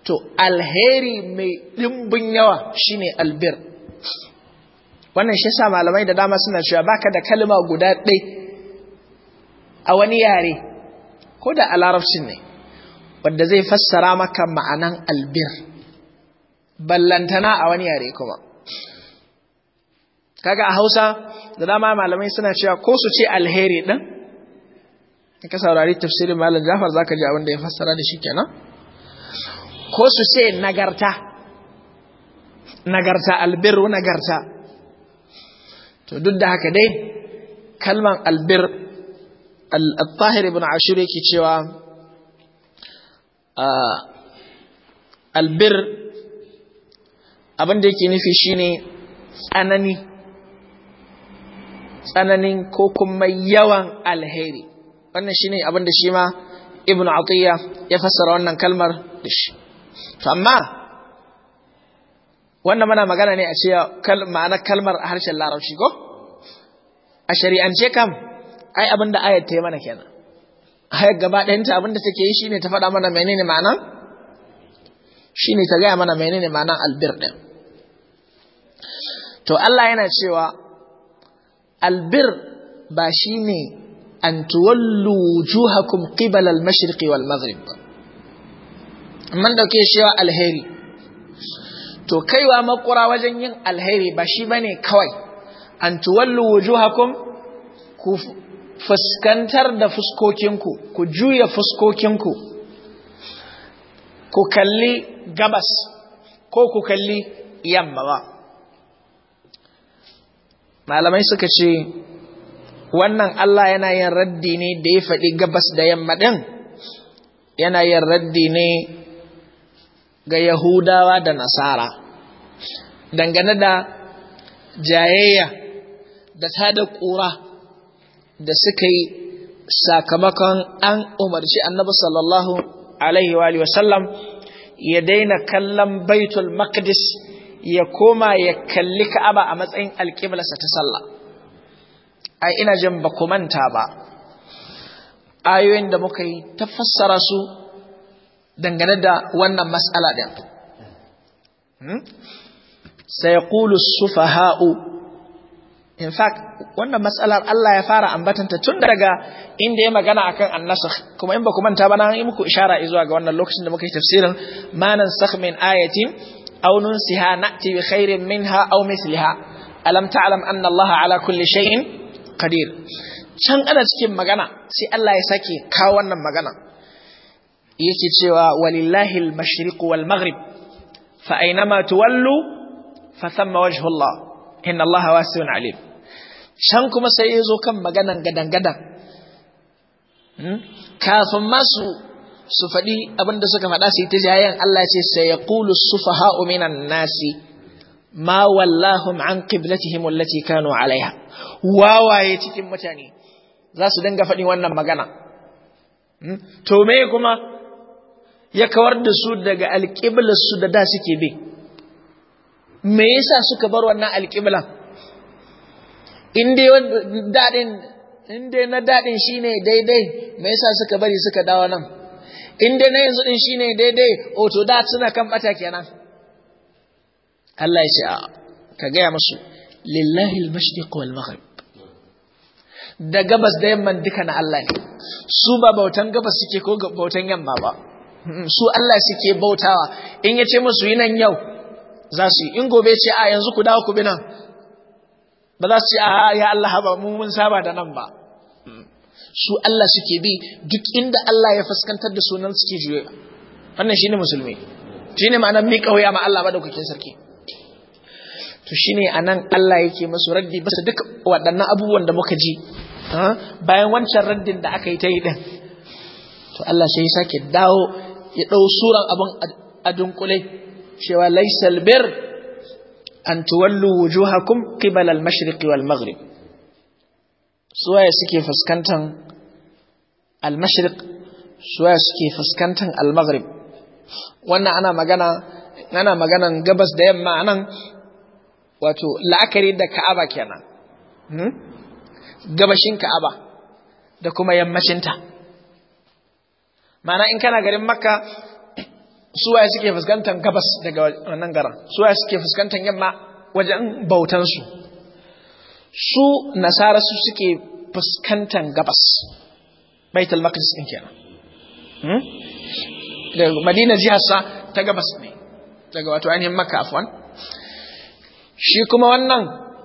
to alheri mai dimbin yawa shine albir wannan shi yasa malamai da dama suna cewa baka da kalma guda ɗaya a wani yare ko da a larabci ne wanda zai fassara maka ma'anan albir ballantana a wani yare kuma kaga a hausa da dama malamai suna cewa ko su ce alheri ɗin ka saurari tafsirin malam jafar za ka ji abin da ya fassara da shi kenan ko su ce nagarta nagarta albirru nagarta to duk da haka dai kalman albir al-tahir ibn ashur yake cewa albir abin da yake nufi shine tsanani tsananin ko kuma yawan alheri wannan shine abin da shi ma ibnu atiya ya fassara wannan kalmar da shi to amma wannan muna magana ne a ce ma'anar kalmar a harshen larabci ko a shari'ance kam ai abin da ayat ta yi mana kenan Ai gaba ɗayanta abin da take yi shine ta faɗa mana menene ma'ana shine ta gaya mana menene ma'anar albir ɗin to Allah yana cewa albir ba shi ne an tuwallu wujuhakum ƙibal al-mashriq wal maghrib man dauke shi wa alheri to kaiwa makura wajen yin alheri ba shi bane kawai an tuwallu wujuhakum ku fuskantar da fuskokinku ku juya fuskokinku ku kalli gabas ko ku kalli yamma ba malamai suka ce wannan Allah yana yin raddi ne da ya faɗi gabas da yamma ɗin yana yin raddi ne ga yahudawa da nasara dangane da jayayya da ta da ƙura da suka yi sakamakon an umarci annabi sallallahu alaihi wa sallam ya daina kallon baitul maqdis ya koma ya kalli ka'aba a matsayin alƙiblarsa ta sallah ai ina jin ba ku manta ba ayoyin da muka yi ta fassara su dangane da wannan mas'ala din hmm? sayaqulu sufaha'u in fact wannan mas'alar Allah ya fara ambatanta tun daga inda ya magana akan annasakh kuma in ba ku manta ba na yi muku ishara zuwa ga wannan lokacin da muka yi tafsirin manan sakh min ayatin أو ننسها نأتي بخير منها أو مثلها ألم تعلم أن الله على كل شيء قدير can ana cikin magana sai Allah ya sake kawo wannan magana yake cewa walillahi mashriku mashriq wal maghrib fa aynama tuwallu fa thamma wajhu Allah inna Allah wasi'un alim can kuma sai ya zo kan maganan gadan gadan kafin masu su faɗi abin da suka faɗa su yi ta jayen Allah ce sai ya ƙulu sufaha'u minan nasi ma wallahum an qiblatihim allati kanu alaiha wawaye cikin mutane za su dinga faɗi wannan magana hmm? to me kuma ya kawar da su daga alƙiblar su da da suke bi me yasa suka bar wannan alƙibla Inde dai dadin in dai na dadin shine daidai me yasa suka bari suka dawo nan in dai na yanzu din shine daidai oto da suna kan bata kenan Allah ya ce a ka gaya musu lillahi al-mashriq wal maghrib da gabas da yamman duka na Allah ne su ba bautan gabas suke ko bautan yamma ba su Allah suke bautawa in ya ce musu yi nan yau za su yi in gobe ce a yanzu ku dawo ku bi nan ba za su ce a ya Allah ba mu mun saba da nan ba su Allah suke bi duk inda Allah ya fuskantar da sunan suke juye wannan shine musulmi shine ma'anar miƙa wuya ma Allah madaukakin sarki to shine anan Allah yake musu raddi basu duk waɗannan abubuwan da muka ji bayan wancan raddin da aka yi ta yi din to Allah sai ya sake dawo ya dau suran abun a dunkule cewa laysal bir an tuwallu wujuhakum qibala al-mashriqi wal maghrib suwaye suke fuskantan al-mashriq suwaye suke fuskantan al-maghrib wannan ana magana ana maganan gabas da yamma anan wato la'akari da ka'aba kenan hmm? gabashin ka'aba da kuma yammacinta ma'ana in kana garin makka suwaye suke fuskantan gabas daga wannan garan suwaye suke fuskantan yamma wajen bautansu su nasara su suke fuskantar gabas baitul maqdis din kenan hmm? da madina jiharsa ta gabas ne daga wato ainihin makka afwan shi kuma wannan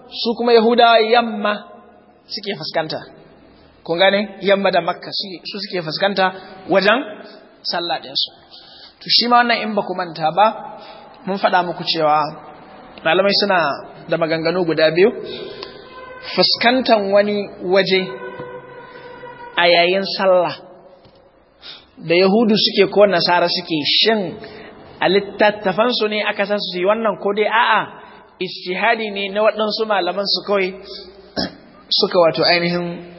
su kuma yahudawa yamma suke fuskanta kun gane yamma da makka su suke fuskanta wajen sallah su. to shi ma wannan in ba ku manta ba mun faɗa muku cewa malamai suna da maganganu guda biyu fuskantan wani waje a yayin sallah da yahudu suke ko nasara suke shin a littattafansu ne aka san su yi wannan ko dai a'a istihadi ne na waɗansu malaman su kawai suka wato ainihin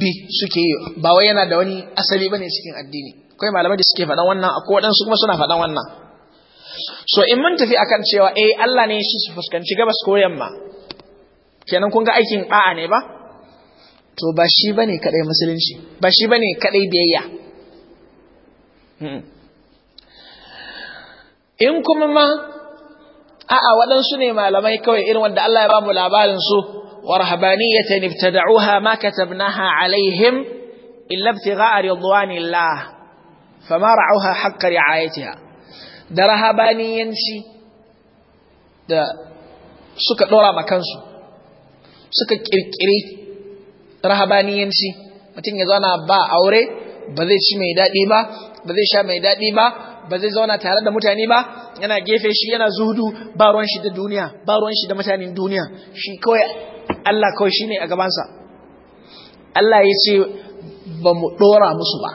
bi suke yi ba wai yana da wani asali bane cikin addini akwai malamai da suke faɗan wannan akwai waɗansu kuma suna faɗan wannan so in mun tafi akan cewa eh Allah ne shi su fuskanci gabas ko yamma kenan kun ga aikin da'a ne ba to ba shi bane kadai musulunci ba shi bane kadai biyayya hmm. in kuma ma a'a waɗansu ne malamai kawai irin wanda Allah ya ba mu labarin su warhabaniyatan ibtada'uha ma katabnaha alaihim illa ibtigha'a ridwanillah fama ra'uha haqqa ri'ayatiha da rahabaniyanci da suka dora ma kansu suka ƙirƙiri rahabaniyanci mutum ya zauna ba aure ba zai ci mai daɗi ba ba zai sha mai daɗi ba ba zai zauna tare da mutane ba yana gefe shi yana zuhudu ba ruwan shi da duniya ba ruwan shi da mutanen duniya shi kawai Allah kawai shi ne a gabansa Allah ya ce ba mu ɗora musu ba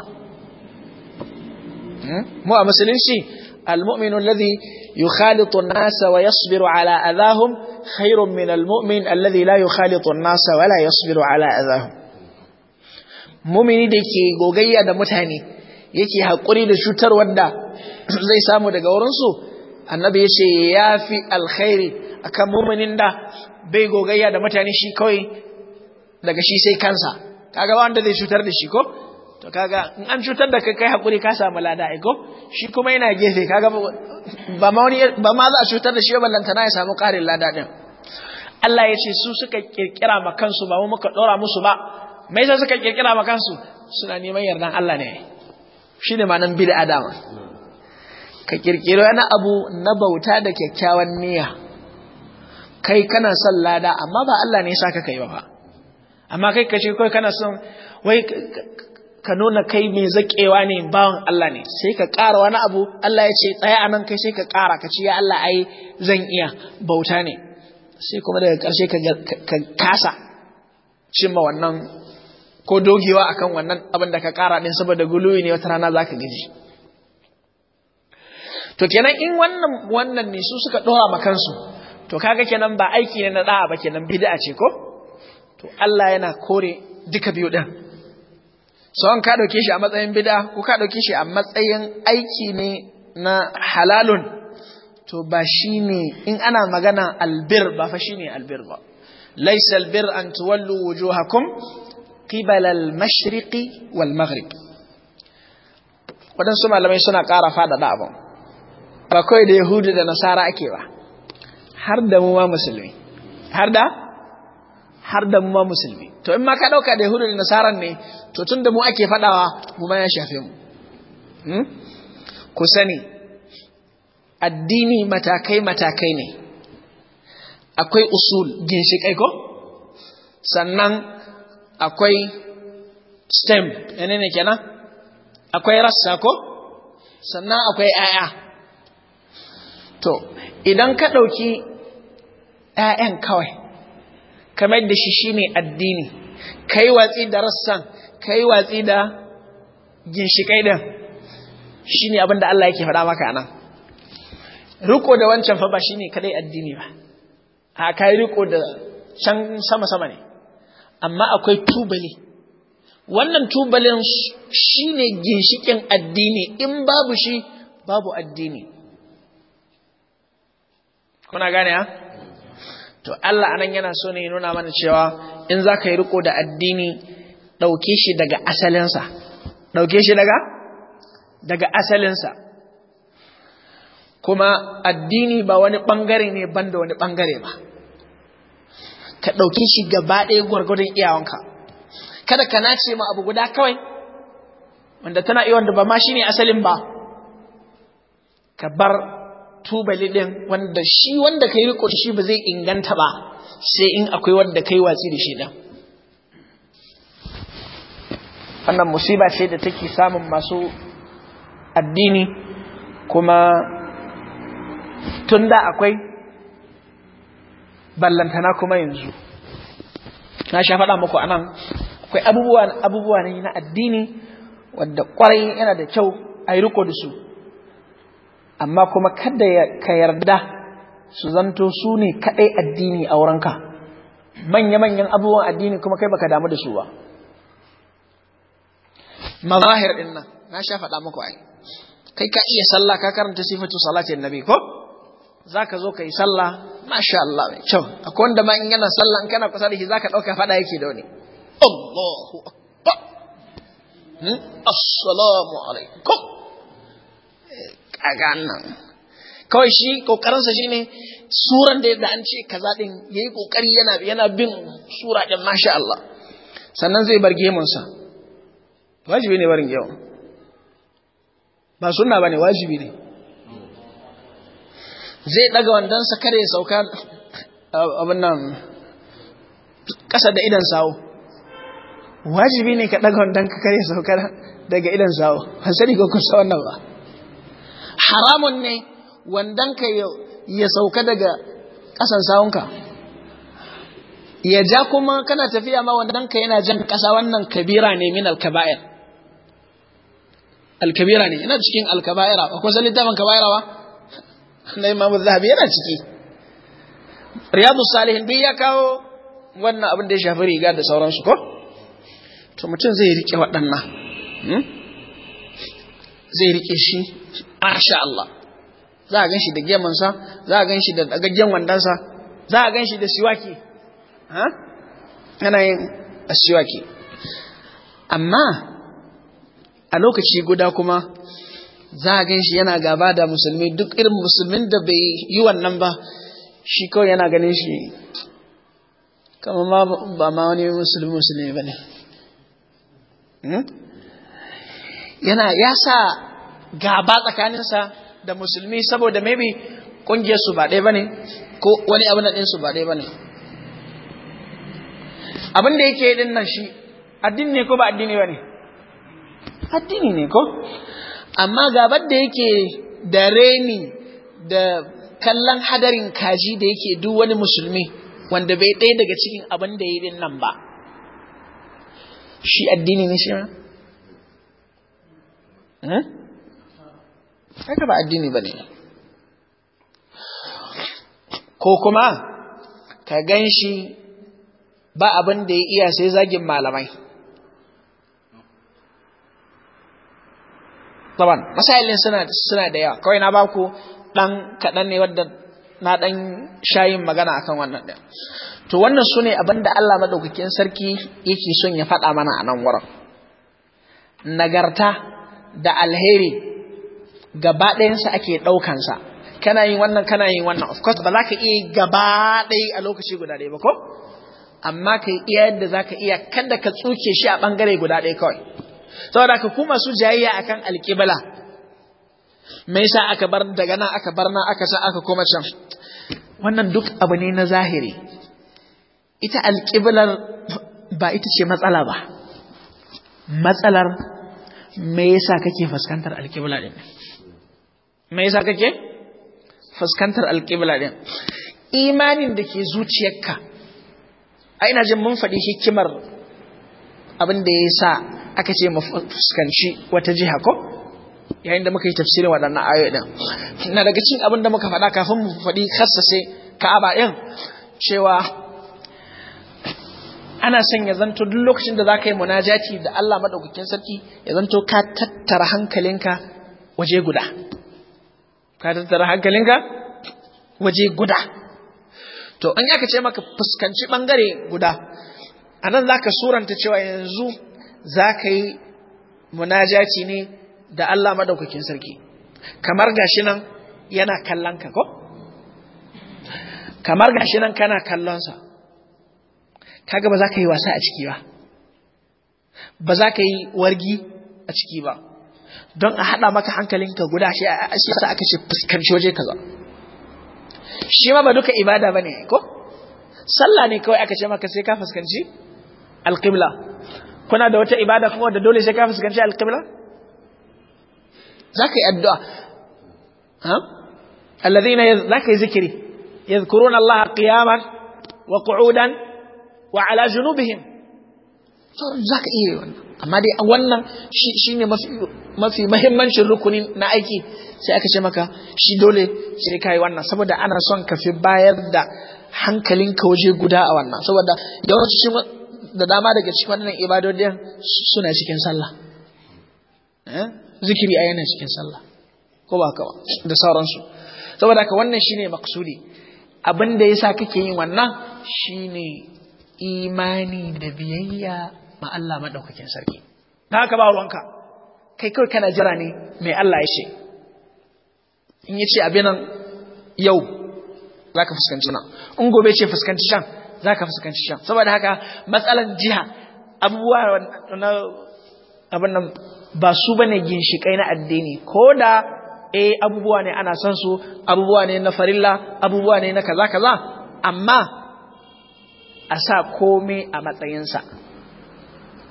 hmm? mu a musulunci المؤمن الذي يخالط الناس ويصبر على أذاهم خير من المؤمن الذي لا يخالط الناس ولا يصبر على أذاهم مؤمن دكي غوغيا دمتاني يكي حقوري لشتر ودا زي سامو دقورنسو النبي يسي يافي الخير أكم مؤمن دا بي غوغيا دمتاني شي كوي دكشي سي كانسا كاغوان دي شتر دي شي كوي to kaga in an cutar da kai kai hakuri ka samu lada aiko shi kuma yana gefe kaga ba ma wani ba ma za a cutar da shi ba lantana ya samu ƙarin lada din Allah ya ce su suka kirkira ma kansu ba mu muka dora musu ba me yasa suka kirkira ma kansu suna neman yardan Allah ne shine manan bil adama? ka kirkiro yana abu na bauta da kyakkyawan niyya kai kana son lada amma ba Allah ne ya saka kai ba amma kai kace kai kana son wai ka nuna kai mai zaƙewa ne bawan Allah ne sai ka ƙara wani abu Allah ya ce tsaya a nan kai sai ka ƙara ka ce ya Allah ai zan iya bauta ne sai kuma daga ƙarshe ka kasa cimma wannan ko dogewa akan wannan abin da ka ƙara ɗin saboda guluwi ne wata rana za ka gaji to kenan in wannan wannan ne su suka ɗora ma kansu to kaga kenan ba aiki ne na ɗa'a ba kenan bid'a ce ko to Allah yana kore duka biyu ɗin Son ka ɗauke shi a matsayin bida ko ka ɗauke shi a matsayin aiki ne na halalun to ba shi ne in ana magana albir ba fa shi ne albir ba. Laisa albir an tuwallu wujuhakum qibala al-mashriqi wal maghrib. Waɗansu malamai suna ƙara faɗaɗa abin. Ba kawai da Yahudu da Nasara ake ba, har da mu ma musulmi, har da har da mu ma musulmi to in ma ka dauka da yahudu da nasaran ne to tun da mu ake fadawa mu ma ya shafe mu hmm? ku sani addini matakai matakai ne akwai usul ginshikai ko sannan akwai stem yana ne kenan akwai rassa ko sannan akwai 'ya'ya to idan ka ɗauki ‘ya'yan kawai kamar da shi shine addini kai watsi da rassan kai watsi da ginshikai din shi abin da Allah yake faɗa maka nan. riko da wancan fa ba shine kadai addini ba a kai riko da can sama sama ne amma akwai tubali wannan tubalin shine ginshikin addini in babu shi babu addini kuna gane ha to Allah anan yana so ne nuna mana cewa in za ka yi riko da addini ɗauke shi daga asalinsa ɗauke shi daga daga asalinsa kuma addini ba wani bangare ne banda wani ɓangare ba ka ɗauke shi gaba ɗaya gwargwadon iyawanka kada ka nace ma abu guda kawai wanda tana iya wanda ba ma shi ne asalin ba ka bar tubali ɗin wanda shi wanda ka yi riko shi ba zai inganta ba sai in akwai wanda ka yi watsi da shi ɗin wannan musiba ce da take samun masu addini kuma tun da akwai ballantana kuma yanzu na sha faɗa muku anan akwai abubuwa na addini wadda kwarai yana da kyau a yi riko da su amma kuma kada ka yarda su zanto su ne kaɗai addini a wurinka manya-manyan abubuwan addini kuma kai baka damu da su ba mazahir din nan na sha faɗa muku ai kai ka iya sallah ka karanta sifatu salatin nabi ko ka zo ka yi sallah masha Allah mai kyau akwai wanda ma in yana sallah in kana kusa da shi za ka ɗauka faɗa yake da wani Allahu akbar hmm? assalamu alaikum eh, a ganin kawai shi ƙoƙarinsa shi ne suran da yadda an ce kaza ya yi ƙoƙari yana bin sura ɗin masha Allah sannan zai bar gemunsa wajibi ne barin gemun ba suna ba ne wajibi ne zai ɗaga wandonsa kare ya sauka abin nan ƙasa da idan sawo wajibi ne ka ɗaga wandon ka kare sauka daga idan sawo ban sani ko kun wannan ba haramun ne wandanka ya sauka daga ƙasan sawunka ya ja kuma kana tafiya ma wandanka yana jan ƙasa wannan kabira ne min alkaba'ir alkabira ne yana cikin alkaba'ira ko san littafin kaba'ira ba na imamu zahabi yana ciki riyadu salihin duk ya kawo wannan abin da ya shafi riga da sauransu ko to mutum zai riƙe waɗannan hmm? zai riƙe shi masha Allah za a ganshi da gemansa za a ganshi da dagaggen wandansa za a ganshi da siwaki ha yana yin siwaki amma a lokaci guda kuma za a ganshi yana gaba da musulmi duk irin musulmin da bai yi wannan ba shi kawai yana ganin shi kama ma ba ma wani musulmi musulmi ba ne hmm? yana ya sa gaba tsakaninsa da musulmi saboda maybe ƙungiyarsu ba ɗaya ba ne ko wani abin ɗinsu ba ɗaya ba ne abin da yake ɗin nan shi addini ne ko ba addini ba ne addini ne ko amma gabar da yake da reni da kallon hadarin kaji da yake duk wani musulmi wanda bai ɗaya daga cikin abin da ya yi nan ba shi addini ne shi ma? Eh? haka ba addini ba ne ko kuma ka ganshi ba abin da ya iya sai zagin malamai taban masailin suna da yawa kawai na ba ku dan kaɗan ne wadda na dan shayin magana akan wannan ɗin to wannan su ne abin da Allah maɗaukakin sarki yake son ya faɗa mana a nan wurin nagarta da alheri gaba ɗayansa ake ɗaukansa kana yin wannan kana yin wannan of course ba za ka iya gaba ɗaya a lokaci guda ɗaya ba ko amma ka iya yadda za ka iya kada ka tsuke shi a ɓangare guda ɗaya kawai saboda ka kuma su jayayya akan alƙibla me yasa aka bar daga nan aka bar nan aka sa aka koma can wannan duk abu ne na zahiri ita alƙiblar ba ita ce matsala ba matsalar me yasa kake fuskantar alƙibla ɗin me yasa kake fuskantar alƙibla din imanin da ke zuciyarka a ina jin mun faɗi hikimar abin da ya sa aka ce mafuskanci wata jiha ko yayin da muka yi tafsirin waɗannan ayoyi din na daga cikin abin da muka faɗa kafin mu faɗi kassase ka'aba ɗin cewa ana son ya zanto duk lokacin da za ka yi munajati da Allah maɗaukakin sarki ya zanto ka tattara hankalinka waje guda ka tattara hankalinka waje guda to an yaka ce maka fuskanci bangare guda anan zaka suranta cewa yanzu za yi munajaci ne da Allah madaukakin sarki kamar gashi nan yana kallon ka ko kamar gashi nan kana kallonsa kaga ba za ka yi wasa a ciki ba ba za ka yi wargi a ciki ba don a hada maka hankalinka guda shi a shi sa aka ce fuskanci waje kaza shi ma ba duka ibada bane ko sallah ne kawai aka ce maka sai ka fuskanci alqibla kuna da wata ibada kuma da dole sai ka fuskanci alqibla zaka yi addu'a ha alladhina za ka yi zikiri yadhkuruna allaha qiyaman wa qu'udan wa ala junubihim zaka yi wannan amma dai a wannan shi ne mafi mahimmancin rukuni na aiki sai aka ce maka shi dole sai ka yi wannan saboda ana son ka fi bayar da hankalinka waje guda a wannan saboda yawanci da dama daga cikin wannan ibadodin suna cikin sallah eh? zikiri a yana cikin sallah ko ba ka ba da sauransu saboda ka wannan shine maksudi abin da yasa kake yin wannan shine imani da biyayya ma Allah maɗaukakin sarki ta haka ba ruwanka kai kawai kana jira ne mai Allah ya ce in ya ce abin nan yau za ka fuskanci nan in gobe ce fuskanci shan za ka fuskanci shan saboda haka matsalar jiha abubuwa na abin nan ba su bane ginshiƙai na addini ko da eh abubuwa ne ana san su abubuwa ne na farilla abubuwa ne na kaza kaza amma a sa komai a matsayinsa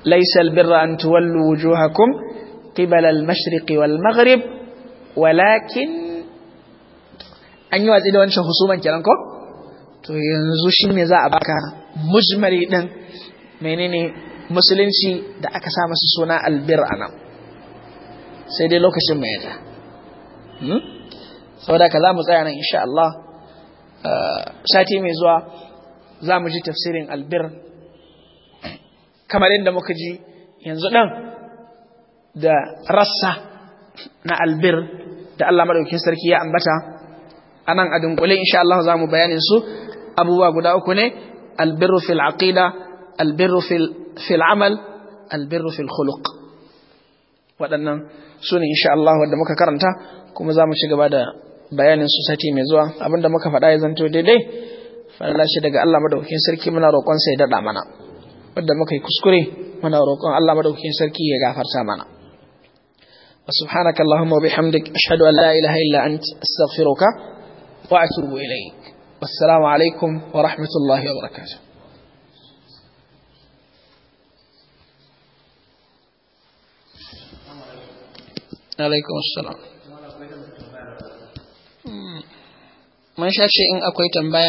ليس البر أن تولوا وجوهكم قبل المشرق والمغرب ولكن an yi watsi da wancan husuman kenan ko to yanzu shi ne za a baka mujmari ɗin menene musulunci da aka sa masu suna albir a nan sai dai lokacin mai yata saboda ka za mu tsaya nan insha sati mai zuwa za mu ji tafsirin albir kamar yadda muka ji yanzu ɗan da rassa na albir da Allah maɗauki sarki ya ambata a nan a dunkule insha Allah za mu bayanin su abubuwa guda uku ne albirru fil aqida albirru fil amal albirru fil khuluq waɗannan su ne insha Allah wadda muka karanta kuma za mu ci gaba da bayanin su sati mai zuwa abinda muka faɗa ya zanto daidai fara lashe daga Allah madaukakin sarki muna roƙon sai daɗa mana wadda muka yi kuskure muna roƙon Allah madaukakin sarki ya gafarta mana wa subhanaka allahumma wa bihamdik ashhadu an la ilaha illa ant astaghfiruka wa atubu ilayk wassalamu alaikum wa rahmatullahi wa barakatuh alaikum assalam mun sha ce in akwai tambaya